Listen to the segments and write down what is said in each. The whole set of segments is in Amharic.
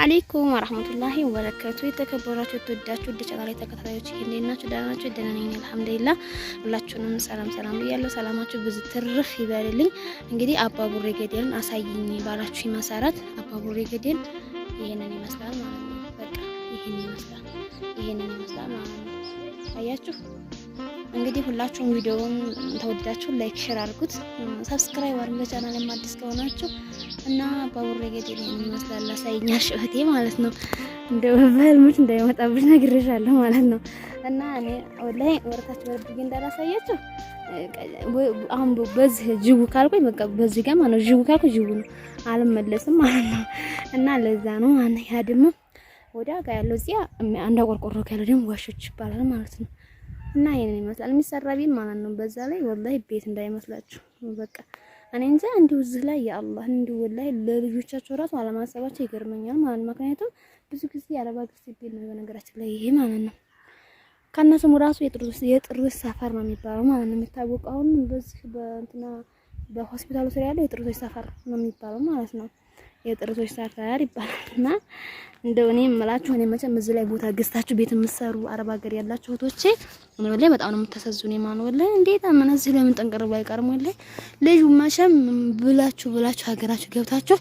አለይኩም ወራህመቱላሂ ወበረከቱ የተከበራችሁ የተወዳችሁ ውድ ቻናል ተከታታዮች እንዴት ናችሁ? ደህና ናችሁ? ደህና ነኝ አልሐምዱሊላህ። ሁላችሁንም ሰላም ሰላም ብያለሁ። ሰላማችሁ ብዙ ትርፍ ይበልልኝ። እንግዲህ አባቡሬ ገደልን አሳይኝ ባላችሁ መሰረት አባቡሬ ገደል ይሄንን ይመስላል ማለት ነው። በቃ ይሄንን ይመስላል፣ ይሄንን ይመስላል ማለት ነው። አያችሁ እንግዲህ ሁላችሁም ቪዲዮውን ተወዳችሁ ላይክ፣ ሼር አድርጉት፣ ሰብስክራይብ አድርጉ ለቻናል አዲስ ከሆናችሁ እና ባቡሬ ገደል ላይ ይመስላል። ላሳይኛሽ እህቴ ማለት ነው። እንደው በህልምሽ እንዳይመጣብሽ ነግሬሻለሁ ማለት ነው። እና እኔ ወላሂ ወርታችሁ ወርብኝ እንዳላሳያችሁ አሁን በዚህ ጅቡ ካልኩኝ በቃ በዚህ ጋር ማለት ነው። ጅቡ ካልኩ ጅቡ ነው አልመለስም ማለት ነው። እና ለዛ ነው ያ ደግሞ ወዲያ ጋር ያለው እዚያ አንዳ ቆርቆሮ ያለው ደግሞ ዋሾች ይባላል ማለት ነው። እና ይሄንን ይመስላል የሚሰራ ቤት ማለት ነው። በዛ ላይ ወላሂ ቤት እንዳይመስላችሁ በቃ እኔ እንጃ እንዲሁ እዚህ ላይ የአላህ እንዲሁ ወላሂ ለልጆቻቸው ራሱ አለማሰባቸው ይገርመኛል ማለት ነው። ምክንያቱም ብዙ ጊዜ የአረባ ግዜ ቤት ነው በነገራችን ላይ ይሄ ማለት ነው። ከእነሱም ራሱ የጥርስ ሰፈር ነው የሚባለው ማለት ነው የሚታወቀው አሁን በዚህ በእንትና በሆስፒታሉ ስር ያለው የጥርሶች ሰፈር ነው የሚባለው ማለት ነው። የጥርሶች ሰፈር ይባላል እና እንደው እኔ የምላችሁ እኔ መቼም እዚህ ላይ ቦታ ገዝታችሁ ቤት የምትሰሩ አረብ ሀገር ያላችሁ እህቶቼ ምን ወለ በጣም ነው የምታሳዝኑ። የማን ወለ እንዴት አመነ እዚህ ለምን ጠንቀር ብሎ አይቀርም ወለ ልጅ መቼም ብላችሁ ብላችሁ ሀገራችሁ ገብታችሁ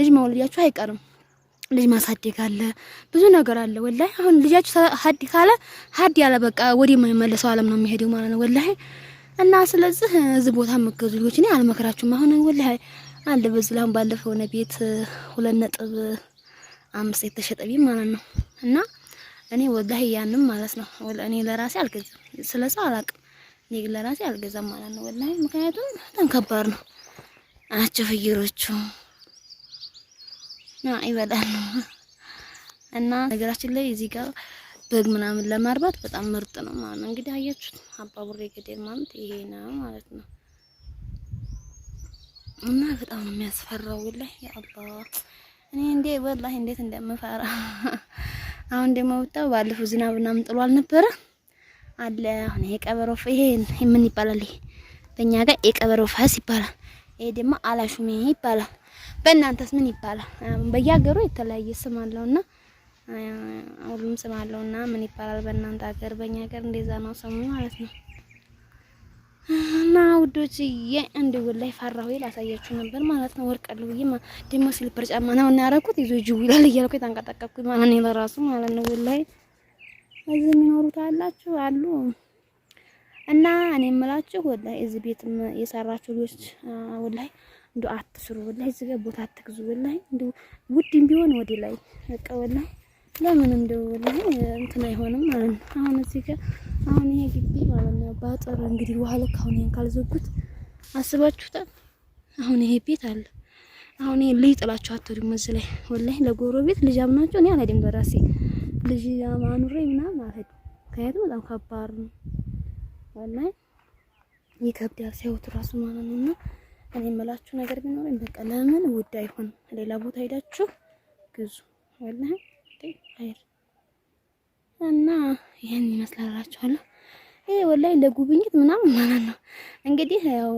ልጅ መውለጃችሁ አይቀርም። ልጅ ማሳደግ አለ፣ ብዙ ነገር አለ። ወላሂ አሁን ልጃችሁ ሀዲ ካለ ሀዲ ያለ በቃ ወደ የማይመለሰው አለም ነው የሚሄደው ማለት ነው ወላሂ እና ስለዚህ እዚህ ቦታ የምትገዙ ልጆች እኔ አልመክራችሁም። አሁን ወላሂ አለ በዚህ ላይ ባለፈው ነው ቤት ሁለት ነጥብ አምስት የተሸጠ ቤት ማለት ነው። እና እኔ ወላሂ ያንም ማለት ነው እኔ ለራሴ አልገዛም፣ ስለሰው አላቅም። እኔ ለራሴ አልገዛም ማለት ነው ወላሂ። ምክንያቱም በጣም ከባድ ነው ናቸው ፍየሮቹ ና ይበላሉ። እና ነገራችን ላይ እዚህ ጋር በግ ምናምን ለማርባት በጣም ምርጥ ነው ማለት ነው። እንግዲህ አያችሁት አባቡሬ ገደል ማለት ይሄ ነው ማለት ነው። እና በጣም ነው የሚያስፈራው። ወላሂ ያ እኔ እንዴ ወላሂ እንዴት እንደምፈራ አሁን ደግሞ ወጣው። ባለፈው ዝናብ ምናምን ጥሎ አልነበረ አለ። አሁን ይሄ ቀበሮ ይሄ ምን ይባላል? ይሄ በእኛ ጋር የቀበሮ ፋስ ይባላል። ይሄ ደግሞ አላሹሜ ይባላል። በእናንተስ ምን ይባላል? በየሀገሩ የተለያየ ስም አለውና ሁሉም ስም አለውና ምን ይባላል በእናንተ ሀገር? በእኛ ሀገር እንደዛ ነው ስሙ ማለት ነው። እና ውዶችዬ እንዲውል ላይ ፈራሁ ላሳያችሁ ነበር ማለት ነው። ወርቃለሁ ብዬ ደግሞ ስሊፐር ጫማ ነው እና ያደረኩት ይዞ ጅው ይላል እያልኩ የታንቀጠቀኩኝ ማለት ነው። ለራሱ ማለት ነው። ወላይ እዚህ የሚኖሩት አላችሁ አሉ እና እኔ የምላችሁ ወላይ እዚህ ቤት የሰራችሁ ልጆች ወላይ እንዱ አትስሩ ወላይ እዚህ ጋር ቦታ አትግዙ ወላይ እንዱ ውድም ቢሆን ወዲ ላይ በቃ ወላይ ለምን እንደው እንትን አይሆንም ማለት ነው። አሁን እዚህ ጋር አሁን ይሄ ግቢ ማለት ነው ባጠር እንግዲህ ውሃ ልክ አሁን ይሄን ካልዘጉት አስባችሁታል። አሁን ይሄ ቤት አለ። አሁን ይሄ ልጅ ጥላችሁ አትሄዱም እዚህ ላይ ወላሂ፣ ቤት ልጅ አምናችሁ እኔ አልሄድም በራሴ ልጅ አማኑሬ ምናምን አልሄድም። ምክንያቱም በጣም ከባድ ነው ወላሂ፣ ይከብዳል ሲያዩት እራሱ ማለት ነው። እና እኔ የምላችሁ ነገር ቢኖረኝ በቃ ለምን ውድ አይሆንም ሌላ ቦታ ሄዳችሁ ግዙ ወላሂ እና ይህን ይመስላላችኋለሁ። ይሄ ወላሂ ለጉብኝት ምናምን ማለት ነው። እንግዲህ ያው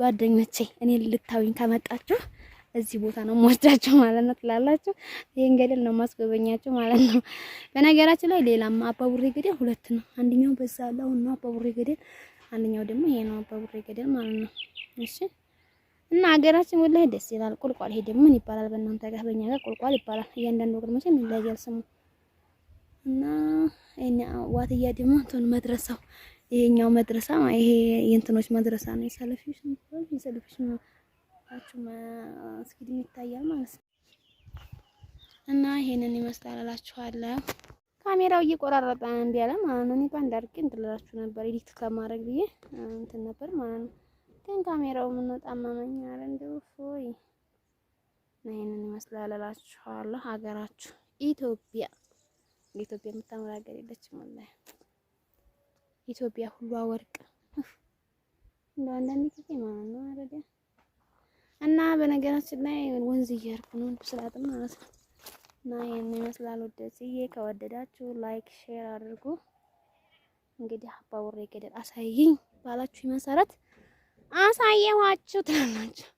ጓደኞቼ እኔ ልታዩኝ ከመጣችሁ እዚህ ቦታ ነው የምወስዳችሁ ማለት ነው ትላላችሁ። ይሄን ገደል ነው የማስጎበኛችሁ ማለት ነው። በነገራችን ላይ ሌላም አባቡሬ ገደል ሁለት ነው። አንደኛው በዛ አለ ነው አባቡሬ ገደል፣ አንደኛው ደግሞ ይሄ ነው አባቡሬ ገደል ማለት ነው። እሺ እና ሀገራችን ወላሂ ደስ ይላል። ቁልቋል ይሄ ደግሞ ምን ይባላል? በእናንተ ጋር በእኛ ጋር ቁልቋል ይባላል። እያንዳንዱ ወገን ሲል ይለያል ስሙ እና እኛ ዋትያ ደግሞ እንትን መድረሳው ይሄኛው መድረሳ ይሄ የእንትኖች መድረሳ ነው። የሰለፊዎች ነው የሰለፊዎች ነው አችሁ መስጊድ ይታያል ማለት ነው። እና ይሄንን ይመስላል እላችኋለሁ። ካሜራው እየቆራረጠ እንዲያለ ማለት ነው። እኔ ባንድ አድርጌ እንትን ልላችሁ ነበር ኤዲት ከማድረግ ብዬ እንትን ነበር ማለት ነው። ግን ካሜራው ምን ጣማመኛ አረ እንደው ፎይ ይሄንን ይመስላል እላችኋለሁ። ሀገራችሁ ኢትዮጵያ ኢትዮጵያ የምታምር ሀገር የለችም። ወላሂ ኢትዮጵያ ሁሉ ወርቅ እንደው አንዳንድ ጊዜ ማለት ነው አረጋ እና በነገራችን ላይ ወንዝ እየሄድኩ ነው ስላጥ ማለት ነው። እና ይሄን ይመስላል ወደዚህ ከወደዳችሁ ላይክ ሼር አድርጉ። እንግዲህ አባውሬ ገደል አሳይኝ ባላችሁ መሰረት አሳየኋችሁ ትላላችሁ።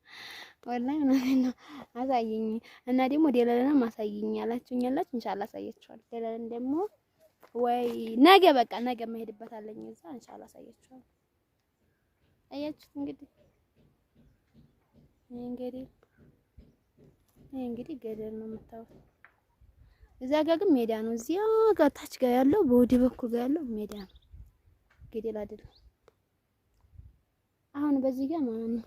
ወላሂ ምናምን ነው አሳየኝ እና ደግሞ ደለለንም አሳየኝ ያላችሁ ኢንሻአላህ አሳያችኋለሁ። ደለለን ደግሞ ወይ ነገ በቃ ነገ መሄድበት አለኝ እዛ ኢንሻአላህ አሳያችኋለሁ። አያችሁት እንግዲህ እንግዲህ ይሄ እንግዲህ ገደል ነው የምታዩት። እዛ ጋር ግን ሜዳ ነው። እዚያ ጋር ታች ጋር ያለው በወዲህ በኩል ጋር ያለው ሜዳ ነው ገደል አይደለም። አሁን በዚህ ጋር ማለት ነው።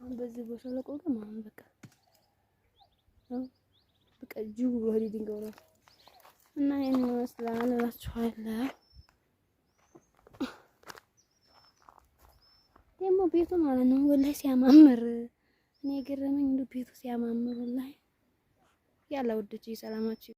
አሁን በዚህ በሸለቆ ጋር ማለት ነው። በቃ በቃ ጅቡ ወዲ ድንጋው ነው እና ይሄን ይመስላል እላችኋለሁ። ደግሞ ቤቱ ማለት ነው ወላሂ ሲያማምር እኔ የገረመኝ እንደ ቤቱ ሲያማምር ወላሂ ያለ ውድጅ ሰላማችሁ